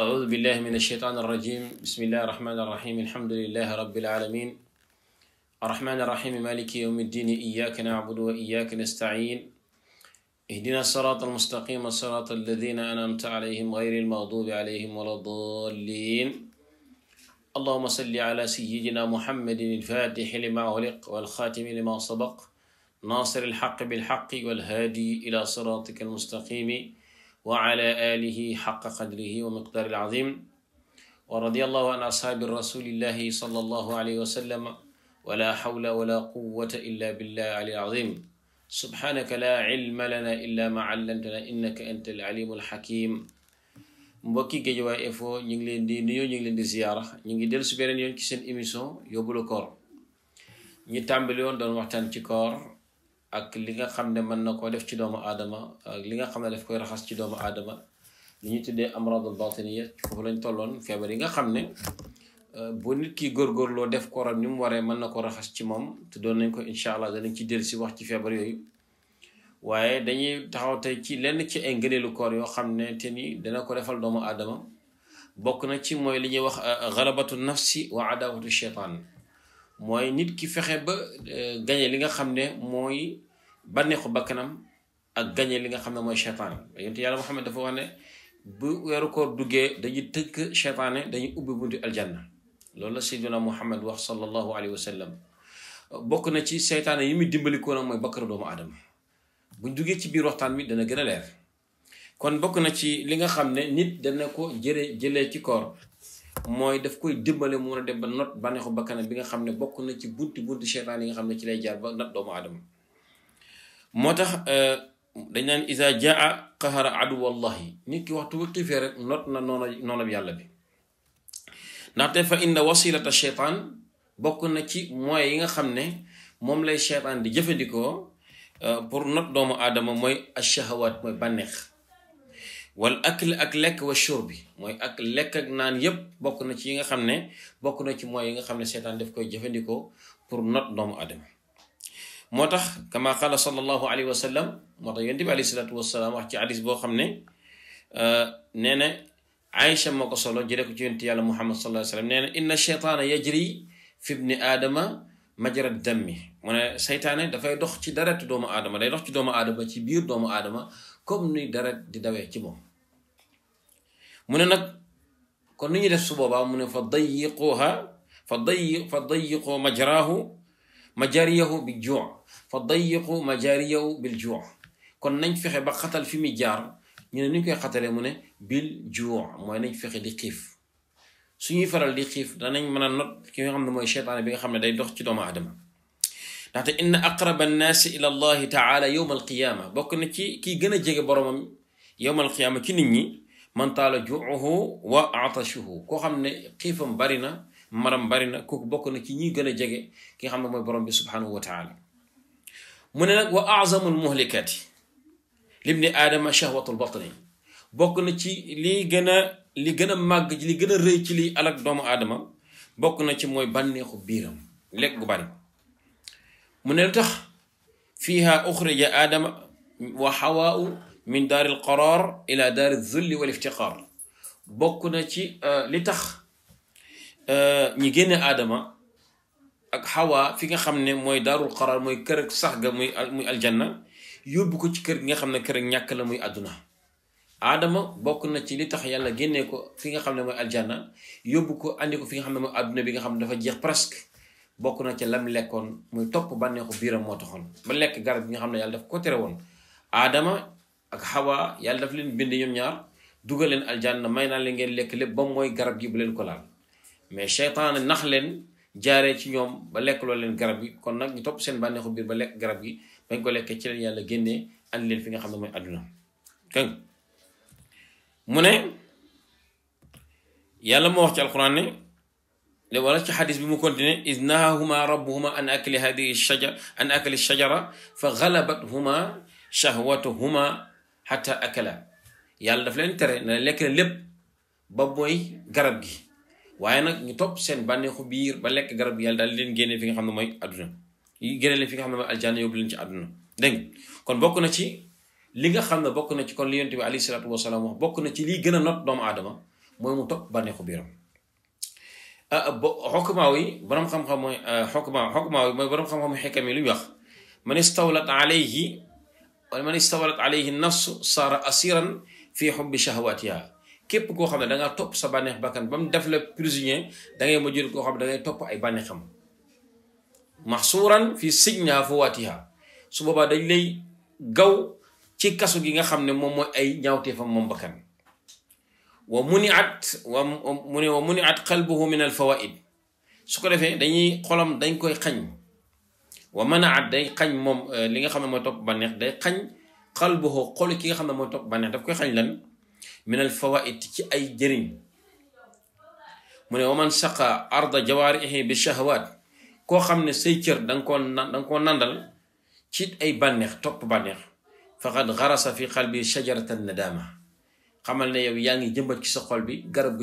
أعوذ بالله من الشيطان الرجيم بسم الله الرحمن الرحيم الحمد لله رب العالمين الرحمن الرحيم مالك يوم الدين إياك نعبد وإياك نستعين اهدنا الصراط المستقيم صراط الذين أنعمت عليهم غير المغضوب عليهم ولا الضالين اللهم صل على سيدنا محمد الفاتح لما أغلق والخاتم لما سبق ناصر الحق بالحق والهادي إلى صراطك المستقيم وعلى آله حق قدره ومقدار العظيم ورضي الله عن أصحاب الرسول الله صلى الله عليه وسلم ولا حول ولا قوة إلا بالله علي العظيم سبحانك لا علم لنا إلا ما علمتنا إنك أنت العليم الحكيم mbokki Guédiawaye Infos ñu ngi leen di nuyoo ñu ngi leen di ziyaara ñu ngi dellu si beneen yoon ci seen émission yóbbalu koor ñu tàmbali woon doon waxtaan ci koor ak li nga xam ne mën na koo def ci doomu aadama ak li nga xam ne daf koy raxas ci doomu aadama li ñu tuddee amradul batiniya foofu lañ tolloon feebar yi nga xam ne bu nit ki góorgóorloo def kooram ni mu waree mën na ko raxas ci moom te doon nañ ko incha allah danañ ci dellu si wax ci feebar yooyu waaye dañuy taxaw tey ci lenn ci ay ngëneelu koor yoo xam ne te ni dana ko defal doomu aadama bokk na ci mooy li ñuy wax galabatu nafsi wa adawatu sheytaan mooy nit ki fexe ba euh, gañe li nga xam ne mooy bànneexu bakkanam ak gañe li nga xam ne mooy cheytaane yonent yàlla Muhammad dafa wax ne bu weeru koor duggee dañuy tëkk cheytaane dañuy ubbi du aljanna loolu la sayyidina Muhammad wax sallallahu alayhi wa sallam bokk na ci seytaane yi muy dimbali ko nag mooy bakkar doomu aadama buñ duggee ci biir waxtaan wi dana gën a leer kon bokk na ci li nga xam ne nit dana ko jëre jëlee ci koor mooy def koy dimbale moo mën a dem ba not bànneexu bakkanam bi nga xam ne bokk na ci bunti bunti seytaan yi nga xam ne ci lay jaar ba not doomu aadama moo tax euh, dañ naan isa jaa qahara aduwallahi nit ki waxtu bu rek not na noona noonab yàlla bi ndaxte fa inna wasilata seytaan bokk na ci moyens yi nga xam ne moom lay seytaan di jëfandikoo euh, pour not doomu aadama mooy ashahawat mooy bànneex والاكل اكلك والشرب موي اكل لك نان ييب بوكو نتي ييغا خامني بوكو نتي موي ييغا خامني شيطان داف كوي جيفانديكو بور نوت دوم ادم موتاخ كما قال صلى الله عليه وسلم موتا يندي عليه الصلاه والسلام واخ تي حديث بو خامني ا آه، نينا عائشه مكو سولو جيري كو تي يالا محمد صلى الله عليه وسلم نينا ان الشيطان يجري في ابن ادم مجرى الدم مون شيطان دا فاي دوخ تي دارت دوم ادم داي دوخ تي دوم ادم تي بير دوم ادم كوم ني دارت دي داوي تي موم من نك كون نجي للسبوبة من فضيقوها فضيق فضيقوا مجراه مجاريه بالجوع فضيقوا مجاريه بالجوع كون ننفخ بقتل في مجار من نكي قتل من بالجوع ما ننفخ لقيف سوني فرال لقيف دانا من النط كي يغم نمو الشيطان بيغ خمنا داي دوخ تدوم عدم نحت إن أقرب الناس إلى الله تعالى يوم القيامة بكون كي كي جنا جيغ برومم يوم القيامة كي نيني من طال جوعه وعطشه كو خامن خيفم بارينا مرام بارينا كوك بوكنا كي ني گنا جيغي كي خامن موي بروم بي سبحانه وتعالى من نك واعظم المهلكات لابن ادم شهوه البطن بوكنا تي لي گنا لي گنا ماگ لي گنا ري تي لي الك دوم ادم بوكنا تي موي بانيخو بيرم لك بارين من نتخ فيها اخرج ادم وحواء min daar al qaraar ila daar al zulli wal iftiqaar bokk na ci li tax ñi génne aadama ak xawaa fi nga xam ne mooy daarul qaraar mooy kër ak sax ga muy muy aljanna yóbbu ko ci kër gi nga xam ne kër ak ñàkk la muy àdduna aadama bokk na ci li tax yàlla génnee ko fi nga xam ne mooy aljanna yóbbu ko andi ko fi nga xam ne mooy àdduna bi nga xam ne dafa jeex presque bokk na ci lam lekkoon muy topp bànneexu biiram moo taxoon ba lekk garab bi nga xam ne yàlla daf ko tere woon aadama ak hawa yàlla daf leen bind ñom ñaar dugal leen aljanna may na leen ngeen lek lépp ba moy garab gi bu leen ko laal mais shaytan nax leen jaare ci ñom ba lek lo leen garab gi kon nak ñu top seen banexu bir ba lek garab gi bañ ko lekkee ci leen yàlla genné andi leen fi nga xamne moy aduna kan mune yàlla mo wax ci alquran ne ne wala ci hadith bi mu continué iznahuma rabbuhuma an akli ash shajar an akli shajara fa shahwatuhuma hatta akala yàlla daf leen tere na lekk leen lépp ba mooy garab gi waaye nag ñu topp seen bànneexu biir ba lekk garab gi yàlla daal leen génne fi nga xam ne mooy àdduna génne leen fi nga xam ne mooy aljanna yóbbu leen ci àdduna dégg kon bokk na ci li nga xam ne bokk na ci kon li yonent bi alayhi salaatu wasalaam wax bokk na ci liy gën a not doomu aadama mooy mu topp bànneexu biiram xokmaaw yi borom xam-xam mooy xokmaaw xokmaaw yi mooy borom xam-xam xekkam yi lu ñu wax man istawlat alayhi wala man istawalat alayhi nafsu saara asiran fii xubbi shahwatiha képp koo xam ne da topp sa bànneex bakkan ba def la prisonnier da ngay mujjul koo xam ne da topp ay bànneexam maxsuuran fii sijna fawaatiha su boobaa dañ lay gaw ci kasu gi nga xam ne moom mooy ay ñaawteefam moom bakkan wa at wa mu ne wa muniat qalbuhu min al fawaid su ko defee dañuy xolam dañ koy xañ ومنع داي خاج موم آه، ليغا خا مو توك بانيخ داي خاج قلبه قول كيغا خا مو توك بانيخ داف كوي لان من الفوائد تي اي جيرين من ومن سقى ارض جوارحه بالشهوات كو خامن سي كير دانكو ناندال تي اي بانيخ توك بانيخ فقد غرس في قلبي شجره الندامه خمال نيو ياغي جيمبات كي سا خول بي غارب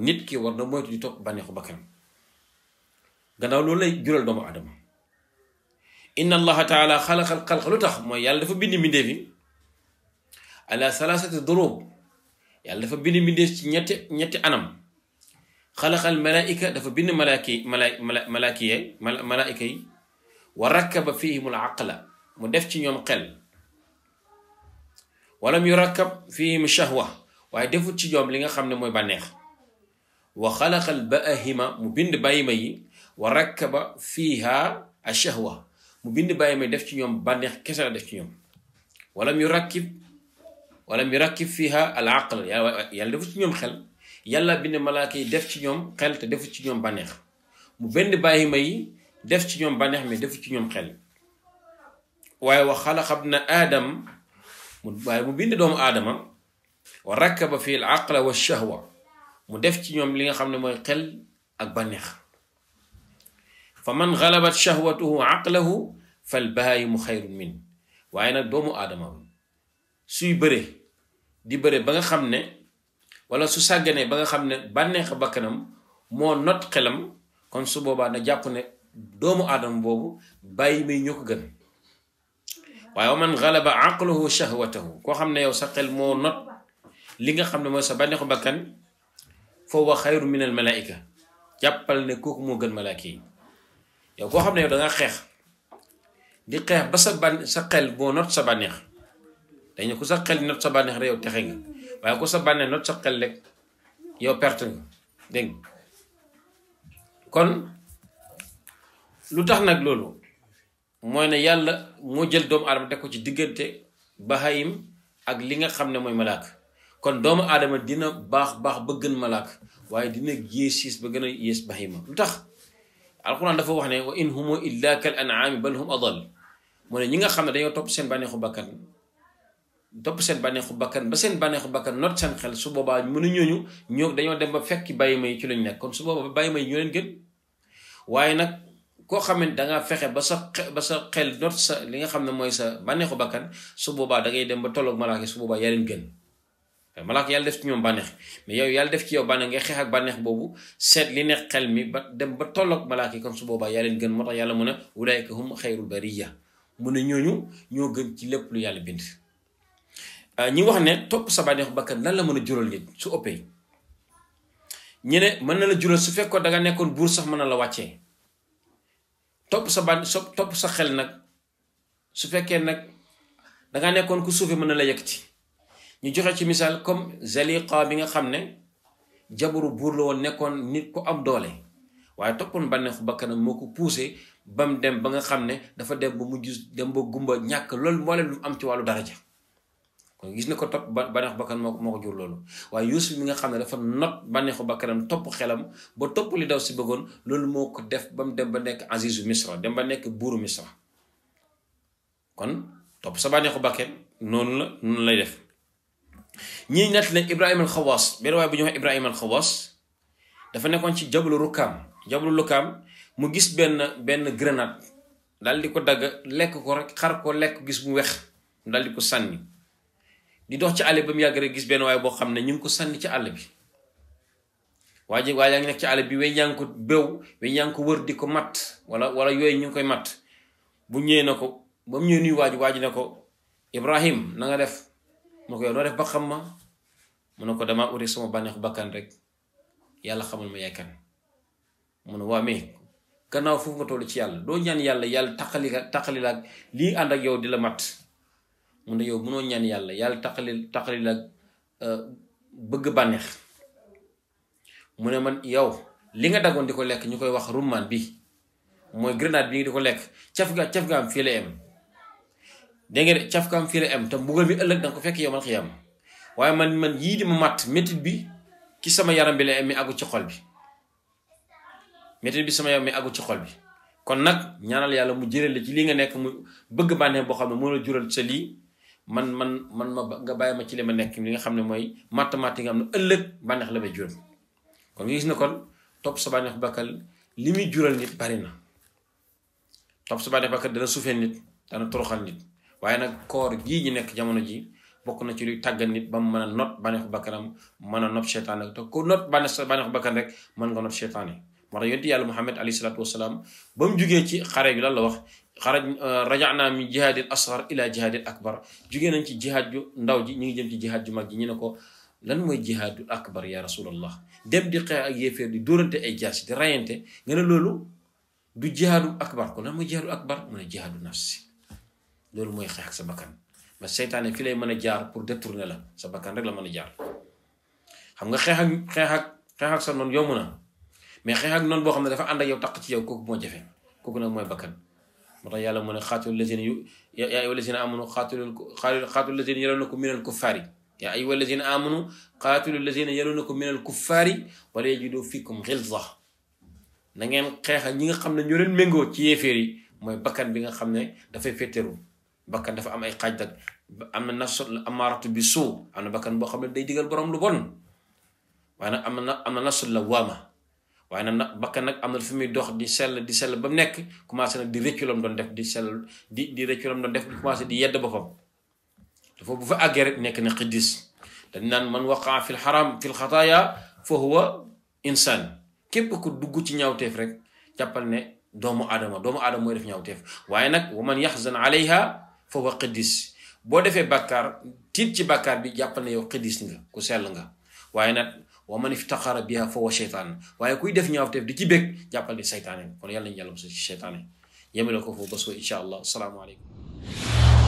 بي كي ورنا موتو توك بانيخ باكام gannaaw loolu lay jural doomu aadama inna allaha taala xalaqal xalq lu tax mooy yàlla dafa bind mbindeef yi ala salasati durub yàlla dafa bind mbindeef ci ñetti ñetti anam xalaqal malaika dafa bind malaaki mala malaaki ye malaika yi wa rakkaba fihim al aqla mu def ci ñoom xel walam yu rakkab fihim shahwa waaye defut ci ñoom li nga xam ne mooy bànneex wa xalaqal baahima mu bind bàyyima yi وركب فيها الشهوة مبين باي ما دفت يوم بانيخ كسر دفت يوم ولم يركب ولم يركب فيها العقل يلا دفت يوم خل يلا بين ملاكي دفت يوم خل تدفت يوم بانيخ مبين باي ما دفت يوم بانيخ ما دفت يوم خل واي وخلق ابن آدم مبين دوم آدم وركب في العقل والشهوة مدفت يوم لين خمنا ما خل أك بانيخ faman galabat shahwatuhu aqlahu fal bahaayimu xayrun min waaye nag doomu aadama bi suy bëre di bëre ba nga xam ne wala su sàgganee ba nga xam ne bànneex bakkanam moo not xelam kon su boobaa na jàpp ne doomu aadama boobu bàyyi may ñoo ko gën waaye man galaba aqluhu shahwatahu koo xam ne yow sa xel moo not li nga xam ne mooy sa bànneexu bakkan foofu wa xayru min al malaika jàppal ne kooku moo gën malaaka yi yow koo xam ne yow da xeex di xeex ba sa ban sa xel boo not sa bànneex dañu ko sa xel not sa bànneex rek yow texe nga waaye ko sa bànneex not sa xel rek yow perte nga dégg kon lu tax nag loolu mooy ne yàlla moo jël doomu aadama de ko ci diggante bahayim ak li nga xam ne mooy malaak kon doomu aadama dina baax baax ba gën malaak waaye dina yées siis ba gën a yées bahayima lu tax القران دا فوخ ني وان هم الا كالانعام بل هم اضل مون نيغا خا ندا يو توب سين بانيخو بكر توب سين بانيخو بكر با سين بانيخو بكر نوت سين خيل سو بوبا مون نيو نيو دانيو ديم با فك باي مي تي لني نيكون سو بوبا باي مي نيولن گن واي نك كو خامن داغا فخه با سا با سا خيل نوت سا ليغا خامن موي سا بانيخو بكر سو بوبا داغي ديم با تولوك ملاكي سو بوبا يارين گن malak yàlla def ci ñom banex mais yow yàlla def ci yow banex ngay xeex ak banex bobu set li neex xel ba dem ba tolok kon su boba yaa gën moo yalla mu ne ulaayka hum xayrul bariya mu ne ñoñu ño gën ci lepp lu yalla bind ah, ñi wax ne top sa banex bakkan lan la mëna nit su opé ne na la jural su fekkoo da nga nekkoon buur sax mën la wàccee topp sa ban topp sa xel nag su fekkee nag da nga nekkoon ku suufee mën la yëkkati ñu joxe ci misaal comme Zaliqa bi nga xam ne jabaru buur la woon nekkoon nit ku am doole waaye toppoon bànneexu bakkanam moo ko poussé ba mu dem ba nga xam ne dafa dem ba mujj dem ba gumba ñàkk loolu moo lu am ci wàllu daraja kon gis na ko topp bànneexu bakkan moo moo jur loolu waaye Yuusuf mi nga xam ne dafa not bànneexu bakkanam topp xelam ba topp li daw si bëggoon loolu moo ko def ba mu dem ba nekk azizu misra dem ba nekk buur misra kon topp sa bànneexu bakkan noonu la noonu lay def ñii nett lañ Ibrahima al Xawaas benn waaye bu ñu wax Ibrahima al Xawaas dafa nekkoon ci jablu Rukaam jablu Rukaam mu gis benn benn grenade dal di ko dagg lekk ko rek xar ko lekk gis mu wex mu di ko sànni di dox ci àll ba mu yàgg rek gis benn waaye boo xam ne ñu ngi ko sànni ci àll bi. waa ji waaye yaa ci àll bi weñ yaa ngi ko béw weñ yaa ko wër di ko matt wala wala yooyu ñu koy matt bu ñëwee na ko ba mu ñëwee nuyu ne ko Ibrahim na def. moko yow ya doo def ba xam ma mu ko uri sama banex bakkan rek yalla ya xamul ma yakkan kan wa me waa mais gannaaw foofu nga toll ci yalla do ñaan yalla yalla ya takali takali lak li and ak yow dila mat mu da yow mëno ñaan yalla takali takali lak euh bëgg banex mu man yow li nga dagon diko lek ñukoy wax rumman bi moy grenade bi di ko lekk ga ciaf ga am fi la dégg de cafkaam fii la am te mbugal mi ëllëg dang ko fekk yowal man xiyam man man yi di mat metit bi ki sama yaram bi la mi agu ci xol bi metit bi sama yaram mi àggu ci xol bi kon nak ñaanal yalla mu jëral ci li nga nek mu bëgg bané bo xamne mo la jural ci li man man man ma nga bayima ci li ma nek li nga xamne moy mooy nga banex la bay jural kon gis na kon top sa banex bakal limi jural nit bari na top sa banex bakal dana suufee nit dana toroxal nit waaye nag koor gii ñu nekk jamono ji bokk na ci luy tàggat nit ba mu mën a not bànneexu bakkanam mën a not seytaane te ku not bànneexu bànneexu bakkan rek mën nga not seytaane moo tax yonent yàlla Muhammad alayhi salaatu wasalaam ba mu jugee ci xare bi lan la wax xaraj euh, rajaana min jihaadil asgar ila jihaadil akbar jugee nañ ci jihaad ju ndaw ji ñu ngi jëm ci jihaad ju mag ji ñu ne ko lan mooy jihaadul akbar ya rasulallah dem di xeex ak yéeféer di dóorante ay jaasi di rayante nga ne loolu du jihaadul akbar kon lan mooy jihaadul akbar mu ne jihaadu nafsi lolu moy xex sa bakkan ba que fi lay mën jaar pour détourner la sa bakkan rek la mën jaar xam nga xex ak xex ak xex ak sa non yomuna mais xex ak non bo xamne dafa ànd ak yow tak ci yow koku mo jafe koku nak moy bakkan moo yàlla mo ne khatul lazina ya yaa ayyuha lazina amanu xaatilu khatul lazina min al kuffaari ya ayyuha lazina amanu khatul lazina min al kuffaari wa yajidu fikum ghilza na ngeen xex ak ñi nga xamne ne ñoo leen mengo ci yéféri moy bakkan bi nga xamne da fay fétéru bakkan dafa am ay xaaj nag am na nafsu amaratu bi suu am na bakkan boo xam ne day digal borom lu bon waaye nag am na am na nafsu lawaama waaye nag bakkan nag am na fi muy dox di sell di sell ba mu nekk commencé nag di rëccu lam doon def di sell di di rëccu lam doon def di commencé di yedd boppam dafa bu fa àggee rek nekk na xiddis dañ naan man waqaa fil xaram fil xataaya fa huwa insan képp ku dugg ci ñaawteef rek jàppal ne doomu aadama doomu aadama mooy def ñaawteef waaye nag wa man yaxzan alayha fa wa qiddis boo defee bàkkaar tiit ci bàkkaar bi jàppal ne yow qiddis nga ku sell nga waaye nag wa man iftaxara biha fa wa seytaan waaye kuy def ñaawteef di ci bëgg jàppal ne seytaane kon yàlla nañu yàlla mos ci seytaane yemale ko foofu ba suba incha allah salaamaaleykum